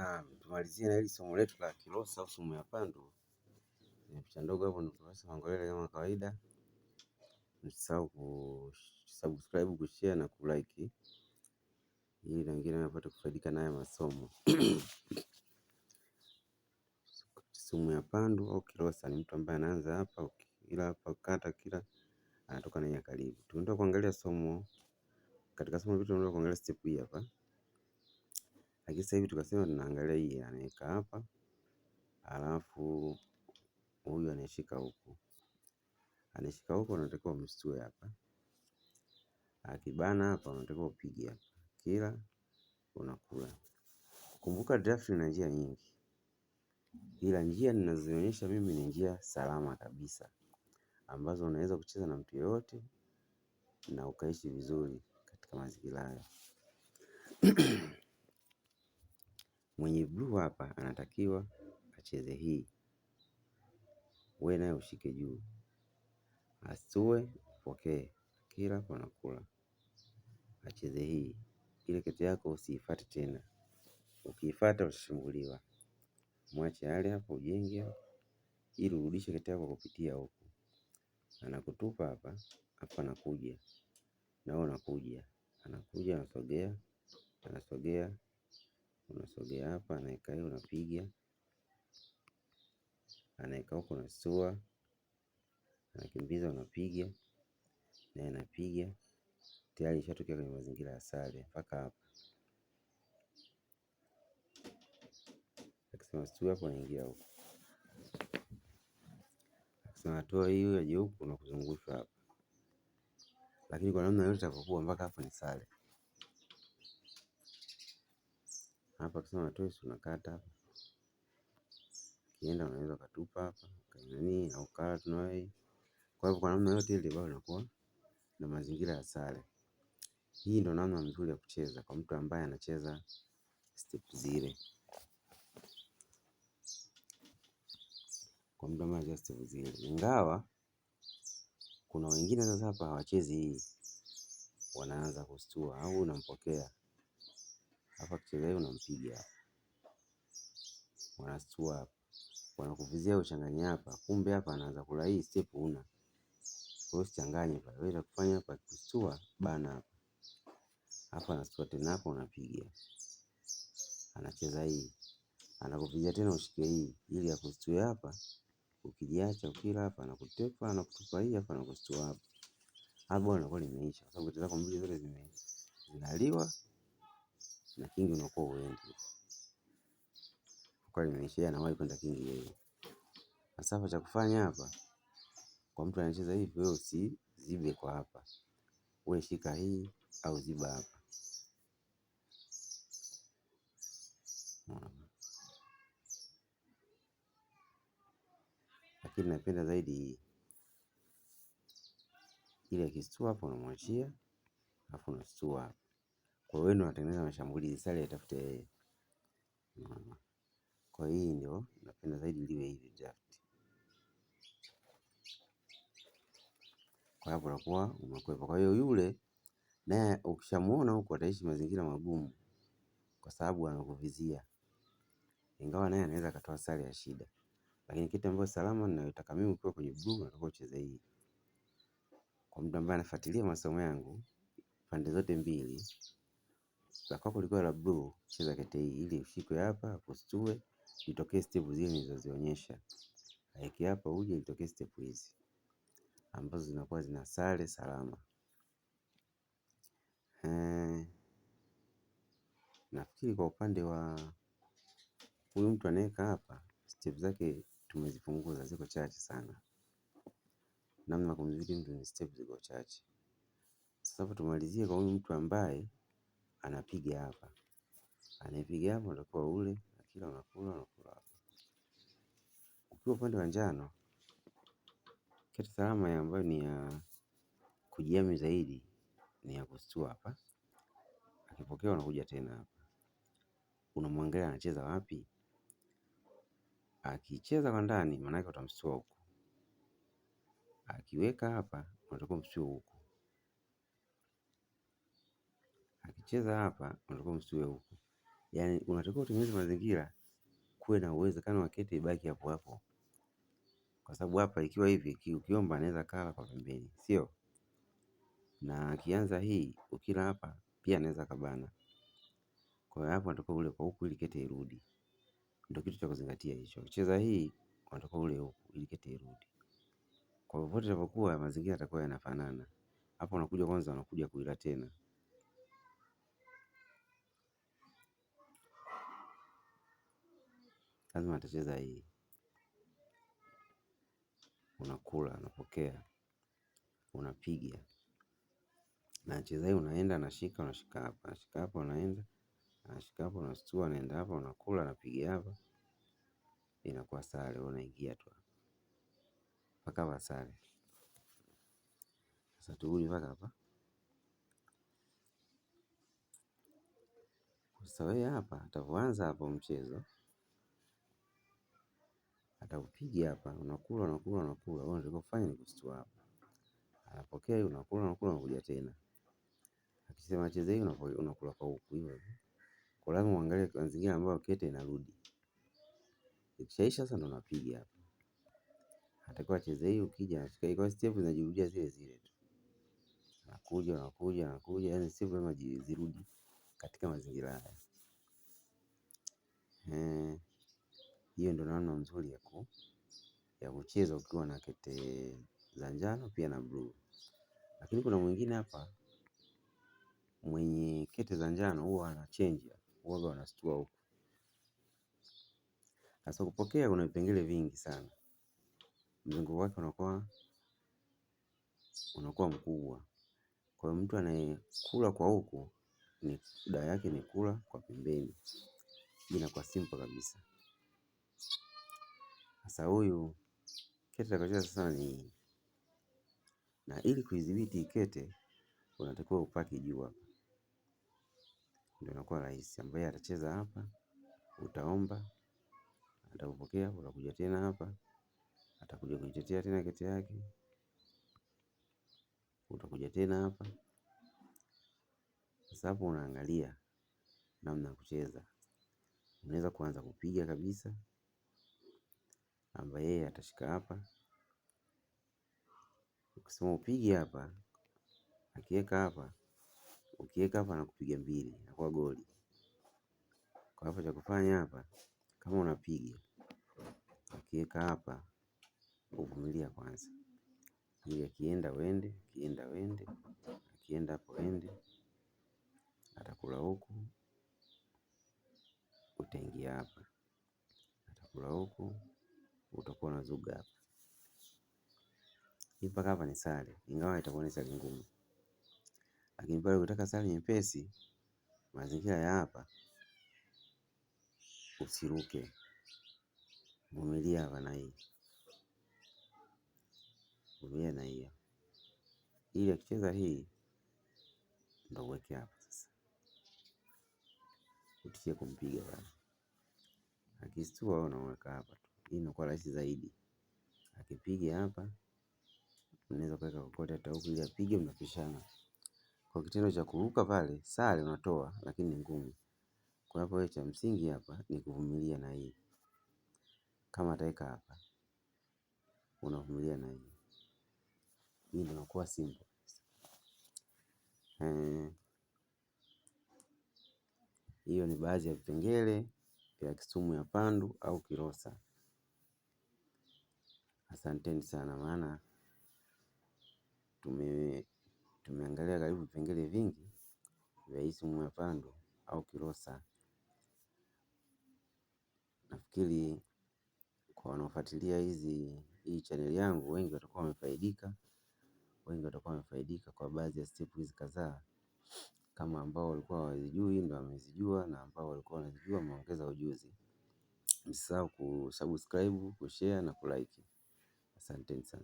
na tumalizie na hili somo letu la Kilosa au sumu ya pandu. Ni eh, picha ndogo hapo, ni Profesa Mangolele kama kawaida. Msisahau kusubscribe, kushare na kulike ili wengine wapate kufaidika nayo masomo. Sumu ya pandu au Kilosa ni mtu ambaye anaanza hapa ila hapa kata kila anatoka na karibu. Tunaenda kuangalia somo katika somo letu, tunaenda kuangalia step hii hapa. Lakini sasa hivi tukasema tunaangalia hii anaweka hapa, alafu huyu anashika huku, anashika huku, unatakiwa umsitue hapa, akibana hapa, unatakiwa upige hapa, kila unakula. Kumbuka draft ina njia nyingi, ila njia ninazoonyesha mimi ni njia salama kabisa ambazo unaweza kucheza na mtu yoyote na ukaishi vizuri katika mazingira hayo. Mwenye bluu hapa anatakiwa acheze hii, we naye ushike juu, asue upokee, kila panakula, acheze hii. Ile kete yako usiifate tena, ukiifata utasumbuliwa. Mwache yale hapo, ujenge ili urudishe kete yako kupitia huku, anakutupa hapa, hapa anakuja na wewe unakuja, anakuja, anasogea, anasogea unasogea hapa, anaeka hiyo unapiga, anaeka huko unastua, anakimbiza unapiga, naye anapiga. Tayari ishatokea kwenye mazingira ya sare mpaka hapa, akisema stu hapo, anaingia huko, akisema toa hiyo ya jeupe, kuzungushwa hapa, lakini kwa namna yote itakokuwa mpaka hapo ni sare. Hapa akisema hatoi si unakata hapa. Ukienda unaweza ukatupa hapa kainani au kala tunayo Kwa hivyo kwa namna yote ile bado linakuwa na mazingira ya sare. Hii ndo namna nzuri ya kucheza kwa mtu ambaye anacheza step zile. Kwa mtu ambaye anacheza step zile. Ingawa kuna wengine sasa hapa hawachezi hii, wanaanza kustua au unampokea hapa kucheza hiyo unampiga wanastua hapa, wanakuvizia uchanganye hapa, kumbe hapa anaanza kula hii step una kwa hiyo usichanganye pale, wewe utakufanya hapa kustua bana hapa hapa, anastua tena hapa, unapiga anacheza hii, anakuvizia tena ushike hii ili akustue hapa, ukijiacha ukila hapa anakutepa anakutupa hii hapa anakustua hapa, hapo inakuwa limeisha, kwa sababu zote zako mbili zote zime zinaliwa na kingi unakuwa uendi kwa limeishia na wahi kwenda kingi yeye. asafa cha kufanya hapa kwa mtu anacheza hivi, wewe usizibe kwa hapa, wewe shika hii au ziba hapa Lakini napenda zaidi hii ile kistua hapo, unamwachia alafu unastua kwa hiyo ndio natengeneza mashambulizi, sale itafute yeye. Kwa hii ndio napenda zaidi liwe hivi draft. Kwa hapo unakuwa umekwepa. Kwa hiyo yule naye ukishamuona huko ataishi mazingira magumu, kwa sababu anakuvizia, ingawa naye anaweza akatoa sare ya shida, lakini kitu ambacho salama ninayotaka mimi ukiwa kwenye bluu, nataka ucheze hii. Kwa mtu ambaye anafuatilia masomo yangu pande zote mbili Kwako likiwa la bluu, cheza kete hii ili ushikwe hapa, ustue, itokee step zile nilizozionyesha. Aeke hapa uje itokee step hizi ambazo zinakuwa zina sare salama. Eh, nafikiri kwa upande wa huyu mtu anayeka hapa step zake tumezipunguza, ziko chache sana. Namna kumzidi mtu ni step ziko chache. Sasa tumalizie kwa huyu mtu ambaye anapiga hapa, anapiga hapa, utakuwa ule kila unakula unakula hapa. Ukiwa upande wa njano, kete salama ambayo ni ya kujiami zaidi ni ya kustua hapa, akipokea unakuja tena hapa, unamwangalia anacheza wapi. Akicheza kwa ndani, maanake utamstua huku, akiweka hapa, unatakiwa mstua huku Ukicheza hapa unatakiwa usiwe huku, yaani unatakiwa utengeneze mazingira, kuwe na uwezekano wa kete ibaki hapo hapo, kwa sababu hapa ikiwa hivi, ukiomba anaweza kala kwa pembeni, sio na kianza hii, ukila hapa pia anaweza kabana. Kwa hiyo hapo unatakiwa ule kwa huku ili kete irudi, ndio kitu cha kuzingatia hicho. Cheza hii unatakiwa ule huku ili kete irudi, kwa popote itapokuwa mazingira yatakuwa yanafanana. Hapo unakuja kwanza, unakuja kuila tena. lazima atacheza hii. Unakula, unapokea, unapiga na hii, unaenda anashika, unashika hapa, anashika hapa, unaenda anashika hapa, unastua, anaenda hapa, unakula, anapiga hapa, inakuwa sare, unaingia tu mpaka hapa sare. Sasa turudi mpaka hapa. Sasa wewe hapa atavyoanza hapo mchezo atakupiga hapa, unakula unakula unakula, wewe unataka kufanya ni kustua hapa, anapokea hiyo, unakula unakula, unakuja tena, akisema cheza hii, unakula kwa huku hiyo. Kwa lazima uangalie mazingira ambayo kete inarudi, ikishaisha sasa ndo unapiga hapa, atakuwa acheze hiyo, ukija afika hiyo, step zinajirudia zile zile tu, anakuja anakuja anakuja, yani step lazima zirudi katika mazingira haya eh. Hiyo ndo namna nzuri ya kucheza ukiwa na kete za njano pia na bluu. Lakini kuna mwingine hapa mwenye kete za njano huwa anachenji, huwaga anastua huku. Sasa kupokea kuna vipengele vingi sana, mzunguko wake unakuwa unakuwa mkubwa. Kwa hiyo mtu anayekula kwa huku ni dawa yake ni kula kwa pembeni, hii inakuwa simple kabisa. Sasa huyu kete atakaocheza sasa ni na, ili kuidhibiti kete unatakiwa upaki juu hapa, ndio inakuwa rahisi. Ambaye atacheza hapa, utaomba, atakupokea, utakuja tena hapa, atakuja kujitetea tena kete yake, utakuja tena hapa. Sasa hapo unaangalia namna ya kucheza, unaweza kuanza kupiga kabisa namba yeye atashika hapa, ukisema upige hapa, akiweka hapa, ukiweka hapa na kupiga mbili kwa goli. Kwa hapa cha kufanya hapa, kama unapiga akiweka hapa, uvumilia kwanza, ili akienda wende, akienda wende, akienda hapo wende, atakula huku, utaingia hapa, atakula huku utakuwa unazuga hapa. Hii mpaka hapa ni sare, ingawa itakuwa ni sare ngumu, lakini pale ukitaka sare nyepesi, mazingira ya hapa, usiruke, vumilia hapa na hii, vumilia na hiyo, ili akicheza hii ndo uweke hapa sasa, utishie kumpiga bana, akistua unaweka hapa tu hii inakuwa rahisi zaidi. Akipiga hapa, unaweza kuweka kokote, hata huku ili apige, mnapishana. Kwa kitendo cha kuruka pale, sare unatoa, lakini ni ngumu. Kwa hapo cha msingi hapa ni kuvumilia na hii. Kama ataweka hapa, unavumilia na hii. Hii ndio inakuwa simple. Eh, hiyo ni baadhi ya vipengele vya Kisumu ya Pandu au Kilosa. Asanteni sana, maana tume tumeangalia karibu vipengele vingi vya isimu mwapando au kilosa. Nafikiri kwa wanaofuatilia hizi hii chaneli yangu wengi watakuwa wamefaidika, wengi watakuwa wamefaidika kwa baadhi ya step hizi kadhaa, kama ambao walikuwa hawazijui ndio wamezijua, na ambao walikuwa wanazijua wameongeza ujuzi. Msisahau kusubscribe, kushare na kulike. 三、定三。